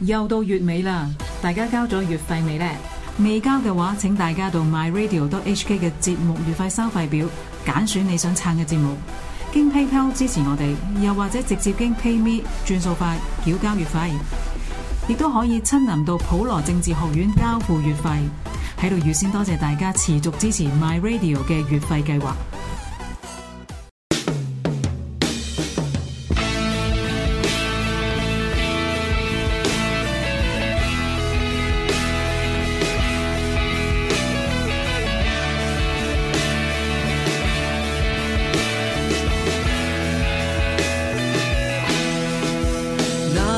又到月尾啦，大家交咗月費未呢？未交嘅話，請大家到 myradio.hk 嘅節目月費收費表揀選你想撐嘅節目，經 PayPal 支持我哋，又或者直接經 PayMe 轉數快繳交月費，亦都可以親臨到普羅政治學院交付月費。喺度預先多謝大家持續支持 My Radio 嘅月費計劃。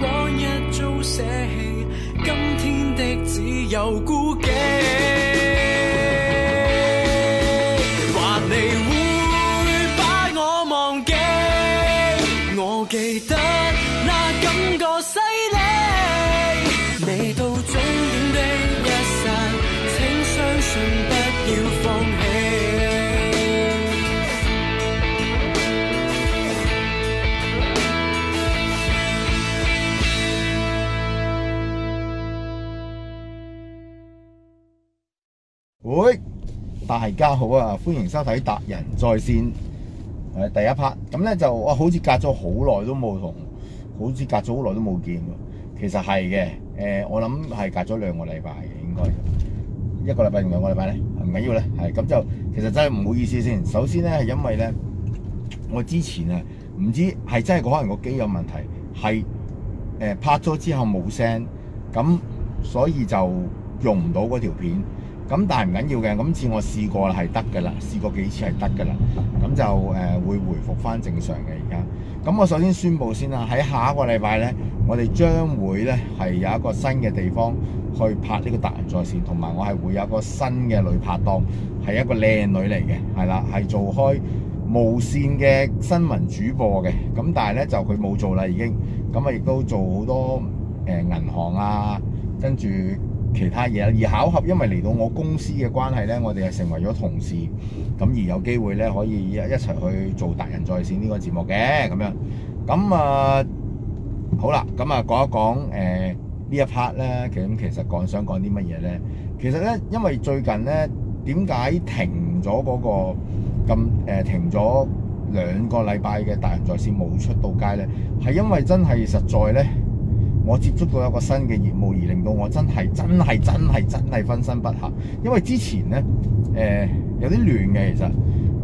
往日都捨棄，今天的只有孤寂。大家好啊，歡迎收睇達仁在線誒第一 part。咁咧就我好似隔咗好耐都冇同，好似隔咗好耐都冇見喎。其實係嘅，誒、呃、我諗係隔咗兩個禮拜嘅應該，一個禮拜定兩個禮拜咧唔緊要咧。係咁就其實真係唔好意思先。首先咧係因為咧我之前啊唔知係真係可能個機有問題，係誒、呃、拍咗之後冇聲，咁所以就用唔到嗰條片。咁但係唔緊要嘅，今次我試過啦，係得㗎啦，試過幾次係得㗎啦，咁就誒會回復翻正常嘅而家。咁我首先宣佈先啦，喺下一個禮拜咧，我哋將會咧係有一個新嘅地方去拍呢個達仁在線，同埋我係會有一個新嘅女拍檔，係一個靚女嚟嘅，係啦，係做開無線嘅新聞主播嘅。咁但係咧就佢冇做啦已經，咁啊亦都做好多銀行啊，跟住。其他嘢而巧合，因為嚟到我公司嘅關係呢，我哋係成為咗同事，咁而有機會呢，可以一齊去做《達仁在線》呢個節目嘅咁樣，咁啊，好啦，咁啊講一講誒呢一 part 呢，其實講想講啲乜嘢呢？其實呢，因為最近呢，點解停咗嗰個咁誒，停咗兩個禮拜嘅《達仁在線》冇出到街呢？係因為真係實在呢。我接觸到一個新嘅業務，而令到我真係真係真係真係分身不合。因為之前呢，誒、呃、有啲亂嘅，其實、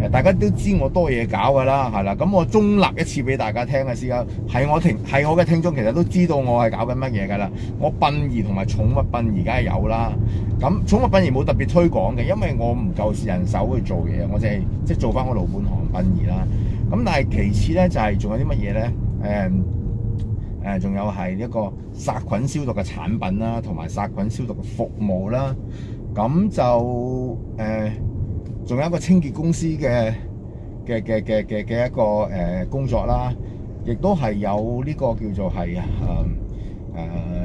呃、大家都知我多嘢搞噶啦，係啦，咁我中立一次俾大家聽嘅時間係我，我聽係我嘅聽眾，其實都知道我係搞緊乜嘢噶啦。我殯儀同埋寵物殯儀梗係有啦，咁寵物殯儀冇特別推廣嘅，因為我唔夠人手去做嘢，我淨係即係做翻我老本行殯儀啦。咁但係其次呢，就係、是、仲有啲乜嘢呢？呃誒，仲有係一個殺菌消毒嘅產品啦，同埋殺菌消毒嘅服務啦，咁就誒，仲有一個清潔公司嘅嘅嘅嘅嘅嘅一個誒工作啦，亦都係有呢個叫做係誒誒，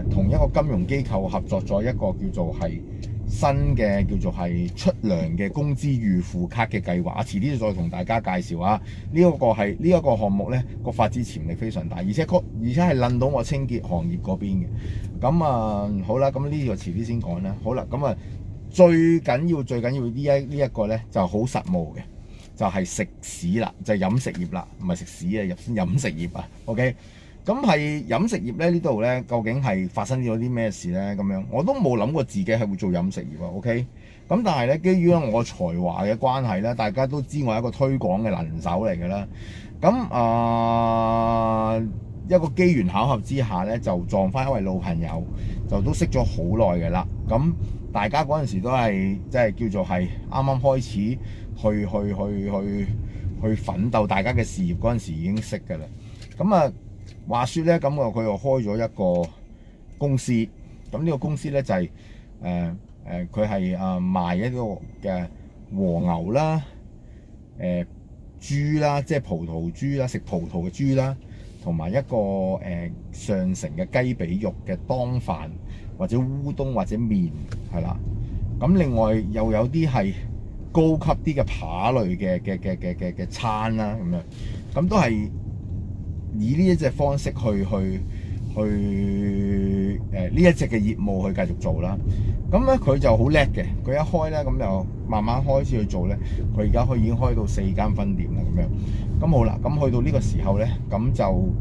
同、呃、一個金融機構合作咗一個叫做係，新嘅叫做係出糧嘅工資預付卡嘅計劃，啊，遲啲再同大家介紹啊。呢一個係呢一個項目呢個發展潛力非常大，而且確而且係撚到我清潔行業嗰邊嘅。咁啊，好啦，咁呢個遲啲先講啦。好啦，咁啊，最緊要最緊要呢一呢一個呢就好實務嘅，就係、是、食肆啦，就係飲食業啦，唔係食肆啊，飲飲食業啊，OK。咁係飲食業咧，呢度咧究竟係發生咗啲咩事咧？咁樣我都冇諗過自己係會做飲食業啊。OK，咁但係咧，基於我才華嘅關係咧，大家都知我係一個推廣嘅能手嚟㗎啦。咁啊、呃，一個機緣巧合之下咧，就撞返一位老朋友，就都識咗好耐㗎啦。咁大家嗰陣時都係即係叫做係啱啱開始去去去去去奮鬥，大家嘅事業嗰陣時已經識㗎啦。咁啊～話説咧，咁個佢又開咗一個公司，咁、這、呢個公司咧就係誒誒，佢係啊賣一個嘅和牛啦，誒、呃、豬啦，即係葡萄豬啦，食葡萄嘅豬啦，同埋一個誒上乘嘅雞髀肉嘅當飯或者烏冬或者麵係啦，咁另外又有啲係高級啲嘅扒類嘅嘅嘅嘅嘅嘅餐啦咁樣，咁都係。以呢一隻方式去去去誒呢、呃、一隻嘅業務去繼續做啦，咁咧佢就好叻嘅，佢一開咧咁就慢慢開始去做咧，佢而家可以已經開到四間分店啦咁樣，咁好啦，咁去到呢個時候咧，咁就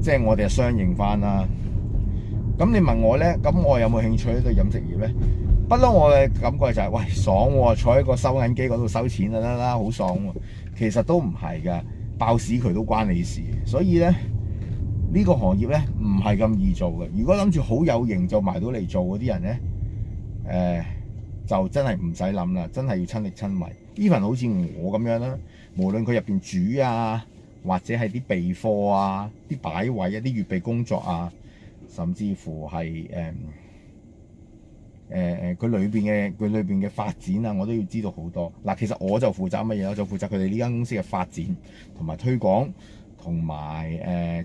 即係、就是、我哋相應翻啦。咁你問我咧，咁我有冇興趣呢對飲食業咧？不嬲，我嘅感覺就係、是、喂爽喎、啊，坐喺個收銀機嗰度收錢啦啦啦，好爽喎。其實都唔係㗎。爆屎佢都關你事，所以咧呢個行業咧唔係咁易做嘅。如果諗住好有型就埋到嚟做嗰啲人咧，誒就真係唔使諗啦，真係要親力親為。依份好似我咁樣啦，無論佢入邊煮啊，或者係啲備貨啊、啲擺位啊、啲預備工作啊，甚至乎係誒。嗯誒誒，佢裏邊嘅佢裏邊嘅發展啊，我都要知道好多。嗱，其實我就負責乜嘢？我就負責佢哋呢間公司嘅發展同埋推廣，同埋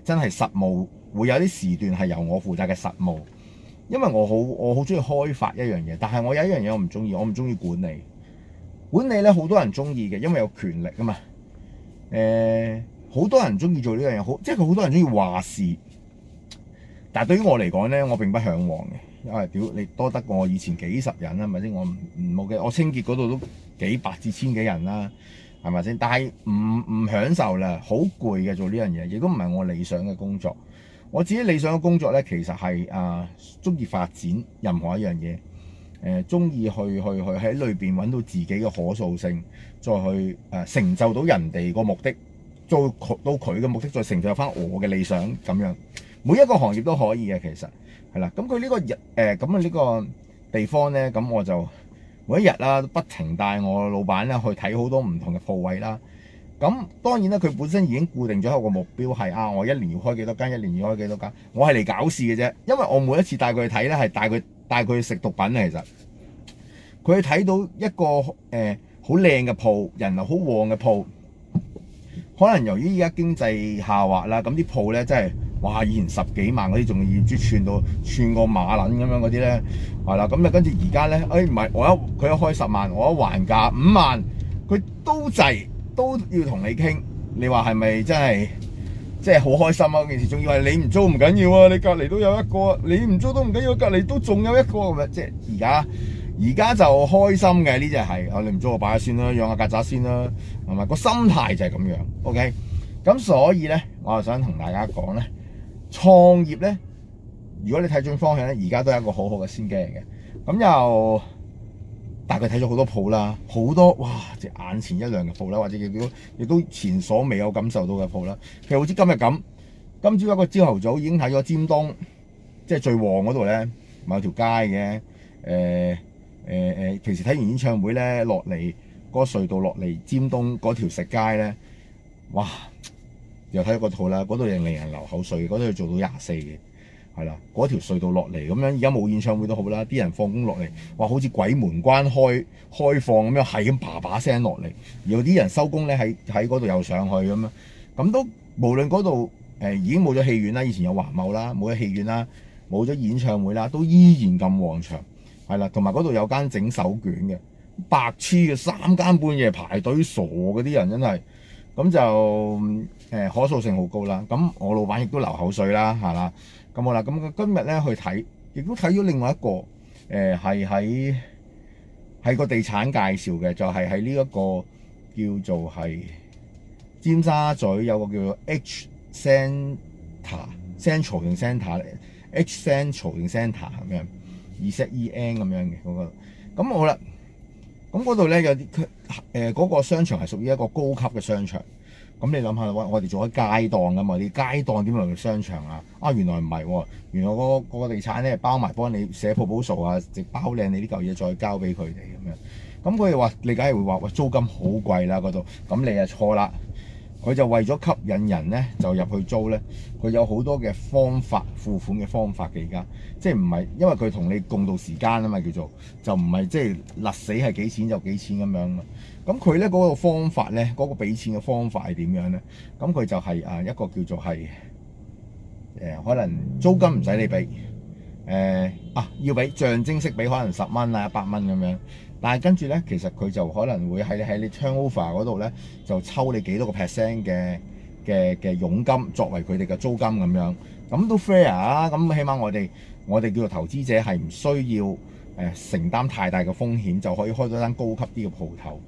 誒真係實務會有啲時段係由我負責嘅實務。因為我好我好中意開發一樣嘢，但係我有一樣嘢我唔中意，我唔中意管理。管理咧好多人中意嘅，因為有權力啊嘛。誒、呃，好多人中意做呢樣嘢，好即係佢好多人中意話事。但係對於我嚟講咧，我並不向往嘅。啊屌！你多得過我以前幾十人啦，係咪先？我唔冇嘅，我清潔嗰度都幾百至千幾人啦，係咪先？但係唔唔享受啦，好攰嘅做呢樣嘢，亦都唔係我理想嘅工作。我自己理想嘅工作咧，其實係啊，呃，中意發展任何一樣嘢，誒、呃，中意去去去喺裏邊揾到自己嘅可塑性，再去誒、呃、成就到人哋個目的，做到佢嘅目的，再成就翻我嘅理想咁樣。每一個行業都可以嘅，其實。咁佢呢個咁啊呢個地方呢，咁我就每一日啦、啊，都不停帶我老闆咧去睇好多唔同嘅鋪位啦。咁當然啦，佢本身已經固定咗一個目標係啊，我一年要開幾多間，一年要開幾多間。我係嚟搞事嘅啫，因為我每一次帶佢去睇呢，係帶佢帶佢去食毒品。其實佢去睇到一個好靚嘅鋪，人流好旺嘅鋪，可能由於依家經濟下滑啦，咁啲鋪呢，真係。哇！以前十幾萬嗰啲仲要珠串到串個馬撚咁樣嗰啲咧，係啦。咁啊，跟住而家咧，哎，唔係我一佢一開十萬，我一還價五萬，佢都滯都要同你傾。你話係咪真係即係好開心啊？件事仲要係你唔租唔緊要啊，你隔離都有一個，你唔租都唔緊要，隔離都仲有一個，咪即係而家而家就開心嘅呢？只係啊，你唔租我擺下先啦，養下曱甴先啦，係咪個心態就係咁樣？OK，咁所以咧，我就想同大家講咧。創業咧，如果你睇準方向咧，而家都係一個好好嘅先機嚟嘅。咁又大概，大家睇咗好多鋪啦，好多哇！即係眼前一亮嘅鋪啦，或者亦都亦都前所未有感受到嘅鋪啦。其實好似今日咁，今朝一個朝頭早已經睇咗尖東，即係最旺嗰度咧，某條街嘅。誒誒誒，平時睇完演唱會咧，落嚟嗰隧道落嚟尖東嗰條食街咧，哇！又睇過套啦，嗰度又令人流口水嘅，嗰度要做到廿四嘅，係啦，嗰條隧道落嚟咁樣，而家冇演唱會都好啦，啲人放工落嚟，哇，好似鬼門關開開放咁樣，係咁叭叭聲落嚟，有啲人收工咧喺喺嗰度又上去咁樣，咁都無論嗰度、呃、已經冇咗戲院啦，以前有華茂啦，冇咗戲院啦，冇咗演唱會啦，都依然咁旺場，係啦，同埋嗰度有，有間整手卷嘅，白痴嘅三更半夜排隊傻嗰啲人真係。咁就誒可塑性好高啦，咁我老闆亦都流口水啦，係啦，咁好啦，咁我今日咧去睇，亦都睇咗另外一個誒係喺係個地產介紹嘅，就係喺呢一個叫做係尖沙咀有個叫做 H Centre Central 定 Centre，H e Central 定 Centre 咁樣，E S E N 咁樣嘅嗰個，咁好啦。咁嗰度咧有啲佢誒嗰個商場係屬於一個高級嘅商場，咁你諗下，喂，我哋做開街檔噶嘛，啲街檔點樣到商場啊？啊，原來唔係、啊，原來嗰、嗰個嗰個地產咧包埋幫你寫鋪保數啊，直包靚你啲舊嘢再交俾佢哋咁樣，咁佢哋話你梗係會話，喂、欸，租金好貴啦嗰度，咁你啊錯啦。佢就為咗吸引人咧，就入去租咧，佢有好多嘅方法，付款嘅方法嘅，而家，即係唔係因為佢同你共度時間啊嘛叫做，就唔係即係勒死係幾錢就幾錢咁樣咯。咁佢咧嗰個方法咧，嗰、嗰個俾錢嘅方法係點樣咧？咁佢就係啊一個叫做係誒、呃，可能租金唔使你俾誒、呃、啊，要俾象徵式俾，可能十蚊啊、百蚊咁樣。但係跟住咧，其實佢就可能會喺你喺你 turnover 嗰度咧，就抽你幾多個 percent 嘅嘅嘅佣金，作為佢哋嘅租金咁樣，咁都 fair 啊！咁起碼我哋我哋叫做投資者係唔需要、呃、承擔太大嘅風險，就可以開到一間高級啲嘅鋪頭。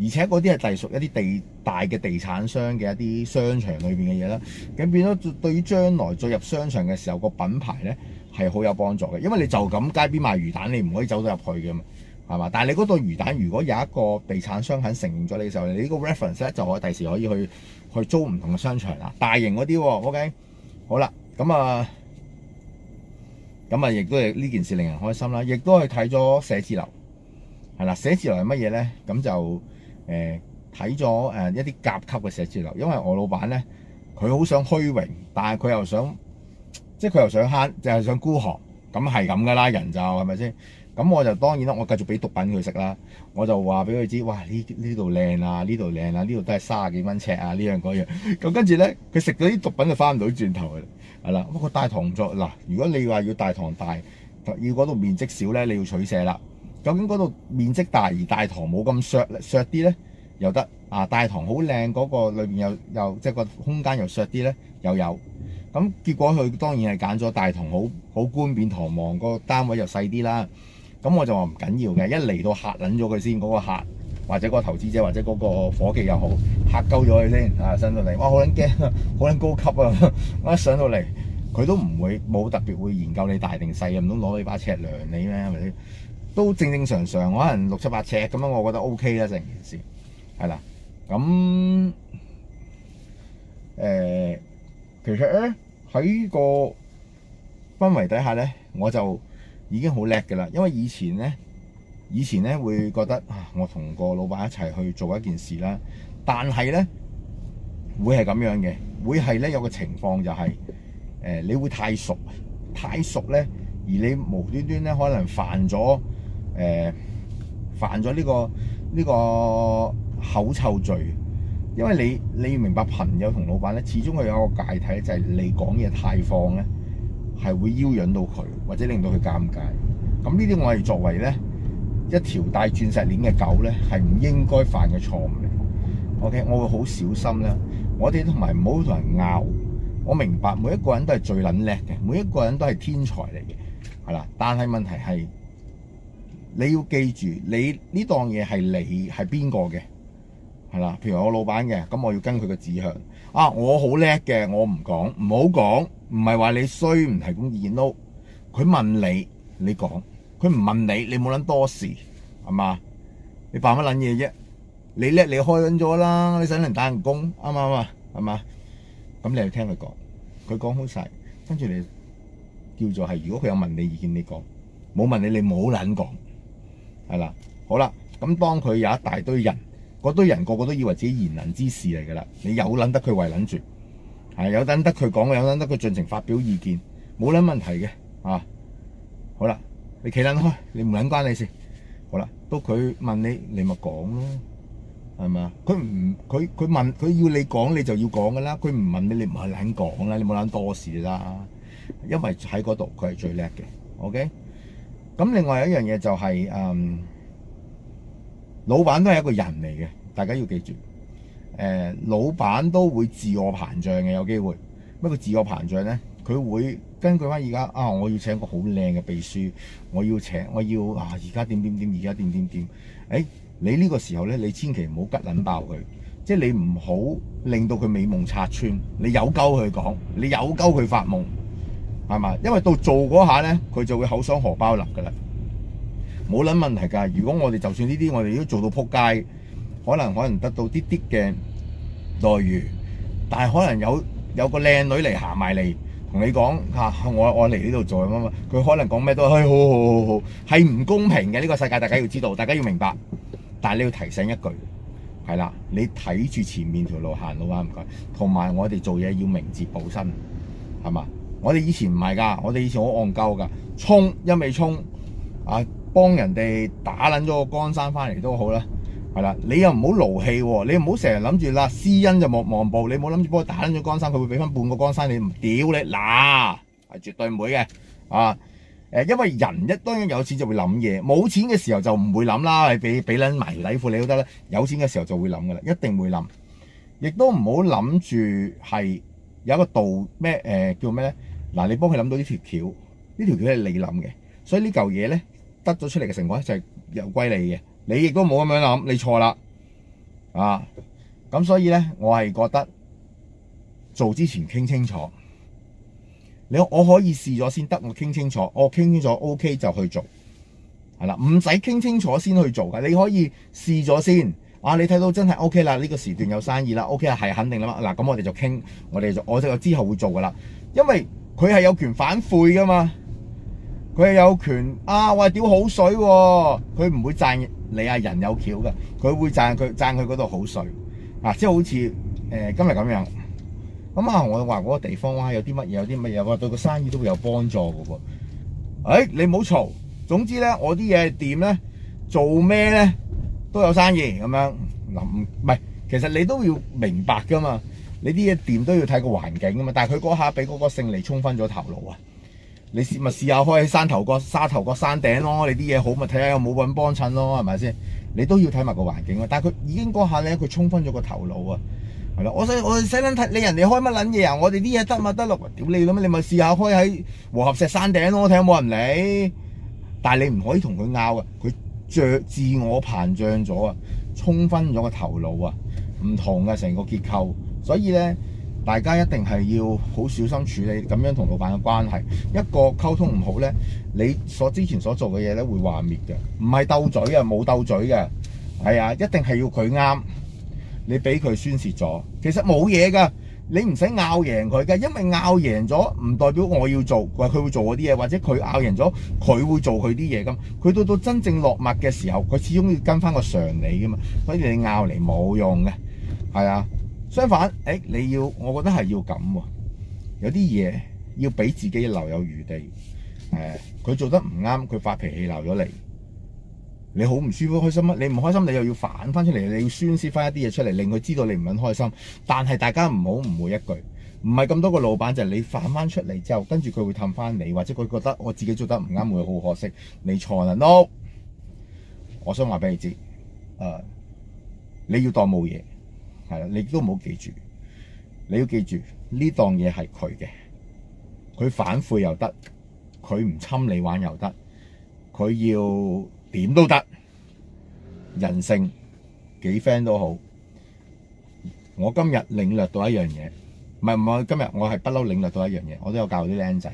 而且嗰啲係隸屬一啲地大嘅地產商嘅一啲商場裏面嘅嘢啦，咁變咗對於將來進入商場嘅時候個品牌咧係好有幫助嘅，因為你就咁街邊賣魚蛋，你唔可以走到入去嘅嘛。係嘛？但係你嗰個魚蛋，如果有一個地產商肯承認咗你嘅時候，你呢個 reference 咧，就可以第時可以去去租唔同嘅商場啦，大型嗰啲喎，OK？好啦，咁啊，咁啊，亦都係呢件事令人開心啦，亦都係睇咗寫字樓，係啦，寫字樓係乜嘢咧？咁就誒睇咗一啲甲級嘅寫字樓，因為我老闆咧，佢好想虛榮，但係佢又想，即係佢又想慳，就係想孤寒，咁係咁噶啦，人就係咪先？咁我就當然啦，我繼續俾毒品佢食啦，我就話俾佢知，哇！呢呢度靚啊，呢度靚啊，呢度都係卅幾蚊尺啊，呢樣嗰樣。咁跟住咧，佢食咗啲毒品就翻唔到轉頭嘅，係啦。不過大堂作嗱，如果你話要大堂大，要嗰度面積少咧，你要取捨啦。究竟嗰度面積大而大堂冇咁削削啲咧，又得啊？大堂好靚嗰個裏面有有空間又又即係個空間又削啲咧，又有。咁結果佢當然係揀咗大堂好好冠冕堂皇，個單位又細啲啦。咁我就話唔緊要嘅，一嚟到嚇撚咗佢先，嗰、嗰個客或者個投資者或者嗰個夥計又好，嚇鳩咗佢先啊，上到嚟，哇，好撚驚啊，好撚高級啊！我、啊、一上到嚟，佢都唔會冇特別會研究你大定細啊，唔通攞你把尺量你咩？係咪先？都正正常常，可能六七八尺咁我覺得 O K 啦，成件事係啦。咁、呃、其實咧喺個氛圍底下咧，我就，已經好叻㗎啦，因為以前呢，以前呢，會覺得啊，我同個老闆一齊去做一件事啦，但係呢，會係咁樣嘅，會係呢，有個情況就係呃，你會太熟，太熟呢，而你無端端呢，可能犯咗誒犯咗呢個呢個口臭罪，因為你你明白朋友同老闆呢，始終係有一個界體，就係你講嘢太放呢。係會邀引到佢，或者令到佢尷尬。咁呢啲我哋作為呢一條戴鑽石鏈嘅狗呢，係唔應該犯嘅錯誤嚟。OK，我會好小心啦。我哋同埋唔好同人拗。我明白每一個人都係最撚叻嘅，每一個人都係天才嚟嘅，係啦。但係問題係你要記住，你呢檔嘢係你係邊個嘅？係啦，譬如我老闆嘅，咁我要跟佢嘅指向。啊，我好叻嘅，我唔講，唔好講。唔係話你衰唔提供意見咯，佢、no、問你你講，佢唔問你你冇諗多事，係嘛？你扮乜撚嘢啫？你叻你開緊咗啦，你使唔使打人工？啱唔啱啊？係嘛？咁你去聽佢講，佢講好晒。跟住你叫做係，如果佢有問你意見你講，冇問你你冇撚講，係啦，好啦，咁當佢有一大堆人，嗰堆人個個都以為自己言論之事嚟㗎啦，你有撚得佢為撚住？係有等得佢講嘅，有等得佢盡情發表意見，冇撚問題嘅啊！好啦，你企撚開，你唔撚關你事。好啦，都佢問你，你咪講囉，係咪啊？佢唔佢佢問佢要你講，你就要講噶啦。佢唔問你，你唔係撚講啦，你冇撚多事啦。因為喺嗰度佢係最叻嘅。OK，咁另外一樣嘢就係、是、誒、嗯，老闆都係一個人嚟嘅，大家要記住。誒，老闆都會自我膨脹嘅，有機會。乜個自我膨脹呢，佢會根據翻而家啊，我要請個好靚嘅秘書，我要請，我要啊，而家點點點，而家點點點。你呢個時候呢，你千祈唔好拮撚爆佢，即係你唔好令到佢美夢拆穿。你有鳩佢講，你有鳩佢發夢，係嘛？因為到做嗰下呢，佢就會口爽荷包立噶啦。冇撚問題㗎。如果我哋就算呢啲，我哋都做到撲街。可能可能得到啲啲嘅待遇，但係可能有有個靚女嚟行埋嚟，同你講吓、啊，我我嚟呢度做咁，佢可能講咩都係好好好好，係唔公平嘅呢個世界，大家要知道，大家要明白。但係你要提醒一句，係啦，你睇住前面條路行路啊唔該。同埋我哋做嘢要明哲保身，係嘛？我哋以前唔係噶，我哋以前好戇鳩噶，衝一味衝啊！幫人哋打撚咗個江山翻嚟都好啦。係啦，你又唔好勞氣喎，你唔好成日諗住啦，施恩就莫望報，你唔好諗住幫佢打咗江山，佢會俾翻半個江山你，你，唔屌你嗱，係絕對唔會嘅啊！誒，因為人一當然有錢就會諗嘢，冇錢嘅時候就唔會諗啦，褲，你俾俾埋條底褲你都得啦，有錢嘅時候就會諗噶啦，一定會諗，亦都唔好諗住係有一個道咩誒、呃、叫咩咧？嗱，你幫佢諗到呢條橋，呢條橋係你諗嘅，所以呢嚿嘢咧得咗出嚟嘅成果就係又歸你嘅。你亦都冇咁樣諗，你錯啦啊！咁所以咧，我係覺得做之前傾清楚。你我可以試咗先，得我傾清楚，我傾清楚，OK 就去做係啦，唔使傾清楚先去做㗎。你可以試咗先，啊，你睇到真係 O K 啦，呢個時段有生意啦，O K 啦，係肯定啦嘛。嗱，啊，咁我哋就傾，我哋就我就之後會做噶啦，因為佢係有權反悔噶嘛，佢係有權啊！喂，屌好水喎，啊，佢唔會賺。你啊人有橋嘅，佢會讚佢讚佢嗰度好水啊，即係好似、呃、今日咁樣。咁啊，我話嗰個地方哇，有啲乜嘢，有啲乜嘢話對個生意都會有幫助㗎喎。誒、哎，你唔好嘈。總之咧，我啲嘢掂咧，做咩咧都有生意咁樣。嗱唔係，其實你都要明白㗎嘛，你啲嘢掂都要睇個環境㗎嘛。但係佢嗰下俾嗰個勝利衝昏咗頭腦啊！你試咪試下開喺山頭角、沙頭角山頂咯，你啲嘢好咪睇下有冇揾幫襯咯，係咪先？你都要睇埋個環境咯。但係佢已經嗰下咧，佢沖昏咗個頭腦啊，係啦。我使我使撚睇你人哋開乜撚嘢啊？我哋啲嘢得咪得咯？屌你，咁你咪試下開喺和合石山頂咯，睇有冇人嚟。但係你唔可以同佢拗啊。佢著自我膨脹咗啊，沖昏咗個頭腦啊，唔同嘅成個結構，所以咧。大家一定係要好小心處理咁樣同老闆嘅關係。一個溝通唔好咧，你所之前所做嘅嘢咧會話滅嘅。唔係鬥嘴啊，冇鬥嘴嘅。係啊，一定係要佢啱，你俾佢宣泄咗。其實冇嘢㗎，你唔使拗贏佢㗎，因為拗贏咗唔代表我要做，佢佢會做嗰啲嘢，或者佢拗贏咗，佢會做佢啲嘢咁。佢到到真正落墨嘅時候，佢始終要跟翻個常理㗎嘛，所以你拗嚟冇用嘅，係啊。相反、欸，你要，我覺得係要咁喎、啊。有啲嘢要俾自己留有餘地。誒、呃，佢做得唔啱，佢發脾氣鬧咗你，你好唔舒服，開心乜？你唔開心，你又要反翻出嚟，你要宣泄翻一啲嘢出嚟，令佢知道你唔肯開心。但係大家唔好誤會一句，唔係咁多個老闆就係、是、你反翻出嚟之後，跟住佢會氹翻你，或者佢覺得我自己做得唔啱，會好可惜。你錯啦，No！我想話俾你知，誒、呃，你要當冇嘢。係你都唔好記住，你要記住呢檔嘢係佢嘅，佢反悔又得，佢唔侵你玩又得，佢要點都得。人性幾 friend 都好，我今日領略到一樣嘢，唔係唔係今日我係不嬲領略到一樣嘢，我都有教啲僆仔，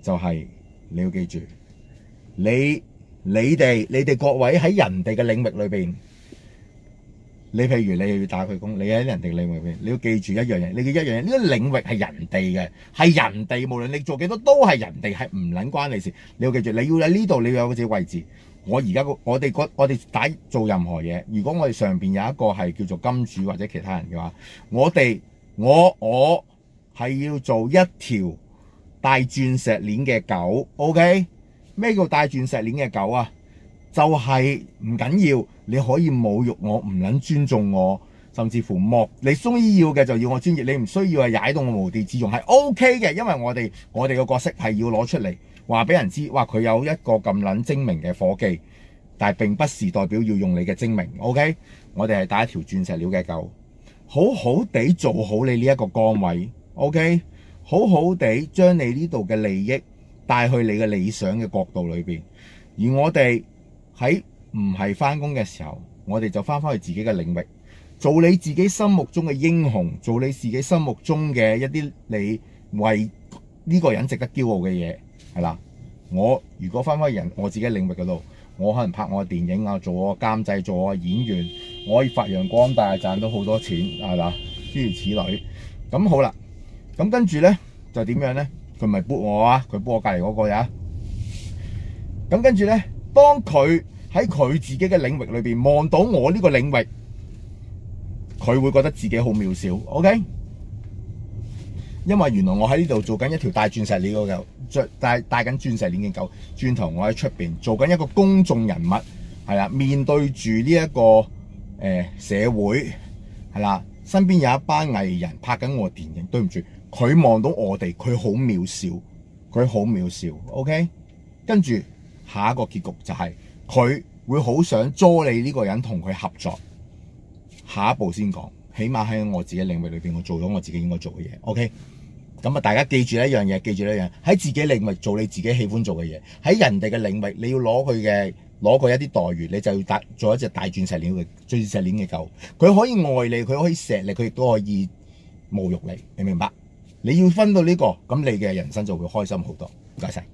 就係你要記住，你你哋你哋各位喺人哋嘅領域裏面。你譬如你又要打佢工，你喺人哋領域，你要記住一樣嘢，你嘅一樣嘢，呢個領域係人哋嘅，係人哋無論你做幾多都係人哋，係唔撚關你事。你要記住，你要喺呢度，你要有個自己位置。我而家我哋我哋打做任何嘢，如果我哋上面有一個係叫做金主或者其他人嘅話，我哋我我係要做一條帶鑽石鏈嘅狗。OK？咩叫帶鑽石鏈嘅狗啊？就係唔緊要，你可以侮辱我，唔撚尊重我，甚至乎莫你中意要嘅就要我專業，你唔需要係踩到我無地自容係 O K 嘅，因為我哋我哋嘅角色係要攞出嚟話俾人知，哇，佢有一個咁撚精明嘅夥計，但係並不是代表要用你嘅精明。OK，我哋係打一條鑽石料嘅狗，好好地做好你呢一個崗位。OK，好好地將你呢度嘅利益帶去你嘅理想嘅角度裏面，而我哋。喺唔係翻工嘅時候，我哋就翻翻去自己嘅領域，做你自己心目中嘅英雄，做你自己心目中嘅一啲你為呢個人值得驕傲嘅嘢，係啦。我如果翻翻人我自己的領域嘅度，我可能拍我嘅電影啊，做我監製，做我演員，我可以發揚光大，賺到好多錢，係啦，諸如此類。咁好啦，咁跟住呢，就點樣呢？佢咪 boot 我啊？佢 boot 我隔籬嗰個呀，啊？咁跟住呢，當佢。喺佢自己嘅領域裏邊望到我呢個領域，佢會覺得自己好渺小，OK？因為原來我喺呢度做緊一條大鑽石鏈嘅狗，著帶帶緊鑽石鏈嘅狗，轉頭我喺出邊做緊一個公眾人物，係啦，面對住呢一個誒社會，係啦，身邊有一班藝人拍緊我嘅電影，對唔住，佢望到我哋，佢好渺小，佢好渺小，OK？跟住下一個結局就係、是。佢會好想捉你呢個人同佢合作，下一步先講。起碼喺我自己領域裏面，我做咗我自己應該做嘅嘢。OK，咁啊，大家記住一樣嘢，記住一樣喺自己領域做你自己喜歡做嘅嘢。喺人哋嘅領域，你要攞佢嘅，攞佢一啲待遇，你就要做一隻大鑽石鏈嘅鑽石鏈嘅狗。佢可以愛你，佢可以錫你，佢亦都可以侮辱你。明唔明白？你要分到呢個，咁你嘅人生就會開心好多。唔該晒。